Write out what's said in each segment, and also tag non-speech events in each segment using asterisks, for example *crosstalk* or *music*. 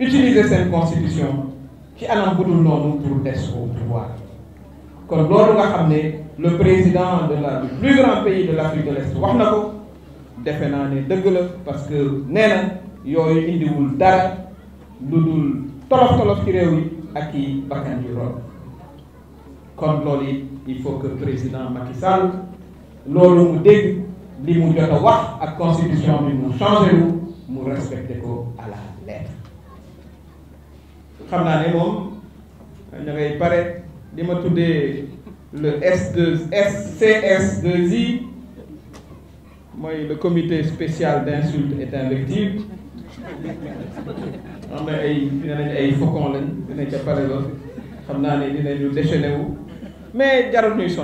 utiliser seen constitution ci anam bu dul noonu pour des au pouvoir kon loolu nga xam ne le président de la du plus grand pays de l' Afrique de l'Est wax na ko defe naa ne dëgg la parce que nee na yooyu indiwul dara lu dul tolof tolof ci réew yi ak i bakkan yu rob kon loolu it il faut que président Macky Sall loolu mu dégg li mu jot a wax ak constitution bi mu changé wu mu respecté ko à la lettre xam naa ne moom da ngay pare li ma tuddee le S2 SCS2I mooy le comité spécial d'insulte et d'invective am na ay dina ay faucon lañ dina ca loolu xam naa ne dinañu déchaîné wu mais jarul ñuy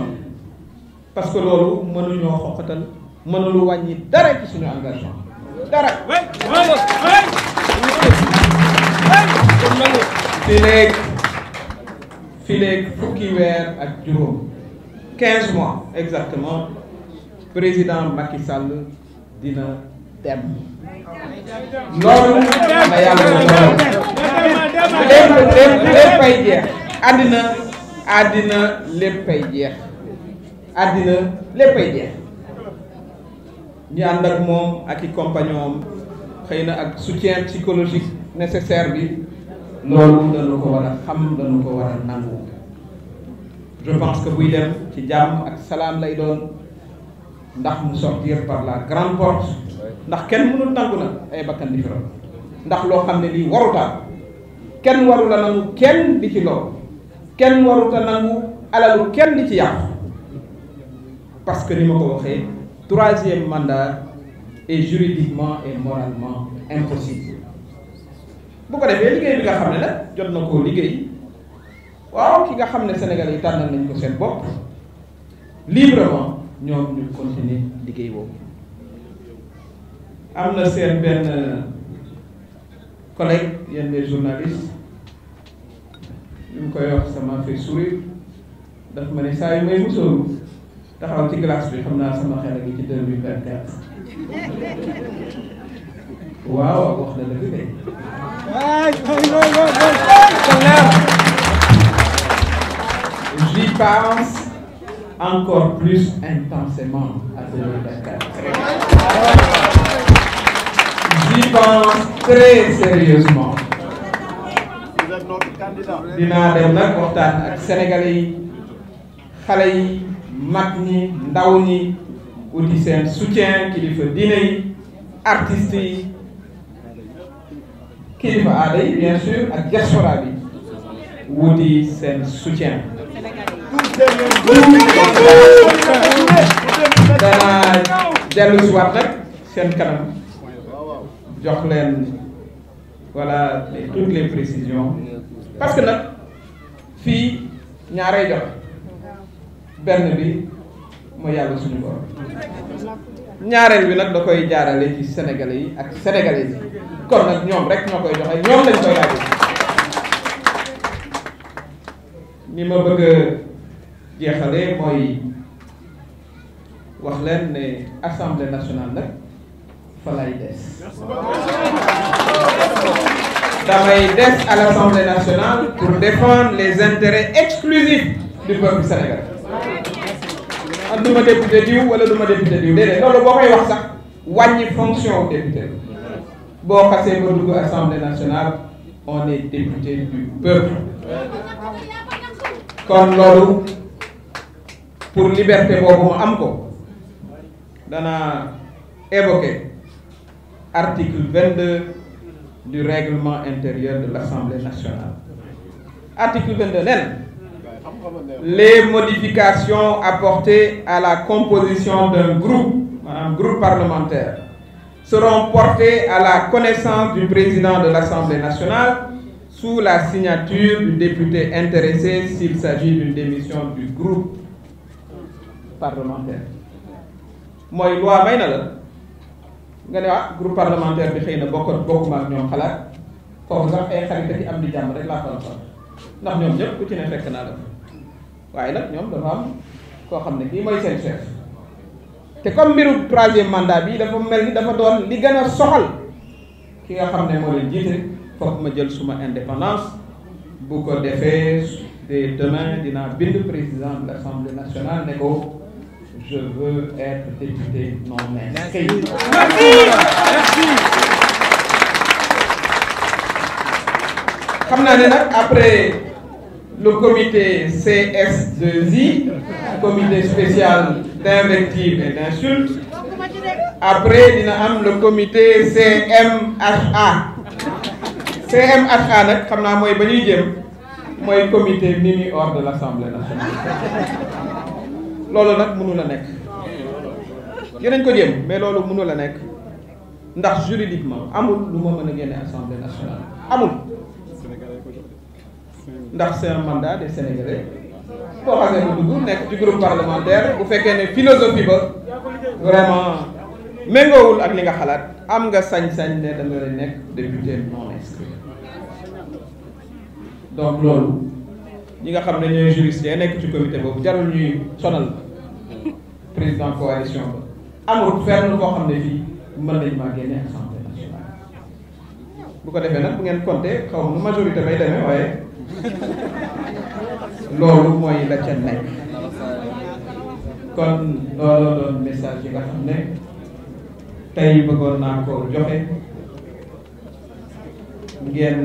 parce que loolu mënuñoo xoqatal mënulu wàññi dara ci suñu engagement dara fileeg fileeg fukki weer ak juróom quinze mois exactement président Macky Sall dina dem loolu na yàlla loolu lépp lépp léppay jeex àddina àddina léppay jeex àddina léppay jeex ñu ànd ak moom ak i compagnon am na ak soutien psychologique nécessaire bi loolu dana ko war a xam dana ko war a nangu je que buy dem ci jàmm ak salaan lay doon ndax mu sortir par la grande porte ndax kenn mënul nangu nag ay bakkan di ndax loo xam ne lii warutaan kenn waru la nangu kenn di ci lool kenn waruta nangu alalu kenn di ci yàqu parce que ni ma ko waxee troisième mandat est juridiquement et moralement impossible bu ko defee liggéey bi ne nag jot na koo liggéey waaw ki nga xam ne senegal yi tànnal nañ ko seen bopp librement ñoom ñu continuer liggéey boobu am na seen benn collègue yenn des journalistes ñu ngi koy wax sama fait sourire daf ma ne saa yu may musóoru taxaw ci glace bi xam naa sama xel a ngi ci deux mille vingt-quatre waaw wax na dëgg de. J'y pense encore plus intensément à Dóor Dakar. J'y pense très sérieusement. dinaa dem nag ak sénégalais yi xale yi mag ñi ndaw ñi uti seen soutien kilifa diine yi. artistes yi kilifa aada yi bien sûr ak diaspora bi wuti seen soutien danaa dellu si waat nag seen jox leen voilà toutes les précisions parce que nag fii ñaaree jox benn bi mooy yàlla suñu ñaareel bi nag da koy jaarale ci sénégalais yi ak sénégalais yi kon nag ñoom rek ñoo koy joxe ñoom lañ koy laaj ni ma bëgg a jeexale mooy wax leen ne assemblée nationale nag fa lay des damay des à l' nationale pour défendre les intérêts exclusifs du peuple sénégalais ak du ma député diw wala du ma député diw déedéet loolu boo koy wax sax wàññi fonction député boo xasee ba dugg assemblée nationale on est député du peuple kon loolu pour liberté boobu am ko danaa évoquer article 22 du règlement intérieur de l'Assemblée nationale article 22 nen les modifications apportées à la composition d'un groupe, group groupe parlementaire, seront portées à la connaissance du président de l'Assemblée nationale sous la signature du député intéressé s'il s'agit d'une démission du group parlementaire mooy loi may na la nga ne ah groupe parlementaire bi xëy na bokk bokkuma ak ñoom xalaat foofu sax ay xarit ci am di jàmm rek la faral ndax ñoom ñëpp ku ci ne fekk naa la waaye nag ñoom dafa am koo xam ne kii mooy seen chef te comme mbiru troisième mandat bi dafa mel ni dafa doon li gën a soxal ki nga xam ne moo leen jiite foog ma jël suma indépendance bu ko defee de demain dinaa bind président de l'Assemblée nationale ne ko je veux être député non inscrit merci xam naa ne nag après le comité CS2I, comité spécial d'invective et d'insultes. Après, dina am le comité CMHA. CMHA nag xam naa mooy ba ñuy jëm mooy comité Mimi hors de l'Assemblée nationale. loolu nag mënu la nekk. dinañ ko jëm mais loolu mënu la nekk ndax juridiquement amul lu ma mën a génne Assemblée nationale amul. ndax c'est un mandat des Sénégalais boo xamee mu dugg nekk ci groupe parlementaire bu fekkee ne philosophie ba vraiment méngoowul ak li nga xalaat am nga sañ-sañ ne danga nekk député non inscrit donc loolu ñi nga xam ne ñooy juriste yi nekk ci comité boobu jarul ñuy sonal président coalition ba amul fenn koo xam ne fii mën nañ maa génne assemblée nationale bu ko defee nag bu ngeen compté xaw ma majorité bay demee waaye *laughs* loolu mooy la ca kon loolu la message yi nga xam ne tey bëggoon naa ko joxe ngeen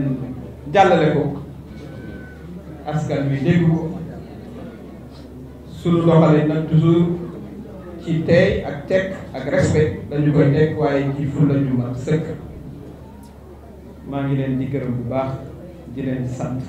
jàllale ko askan wi dégg ko sunu doxale nag toujours ci teey ak teg ak respect lañu koy teg waaye ci ful lañu mat sëkk maa ngi leen di gërëm bu baax di leen sant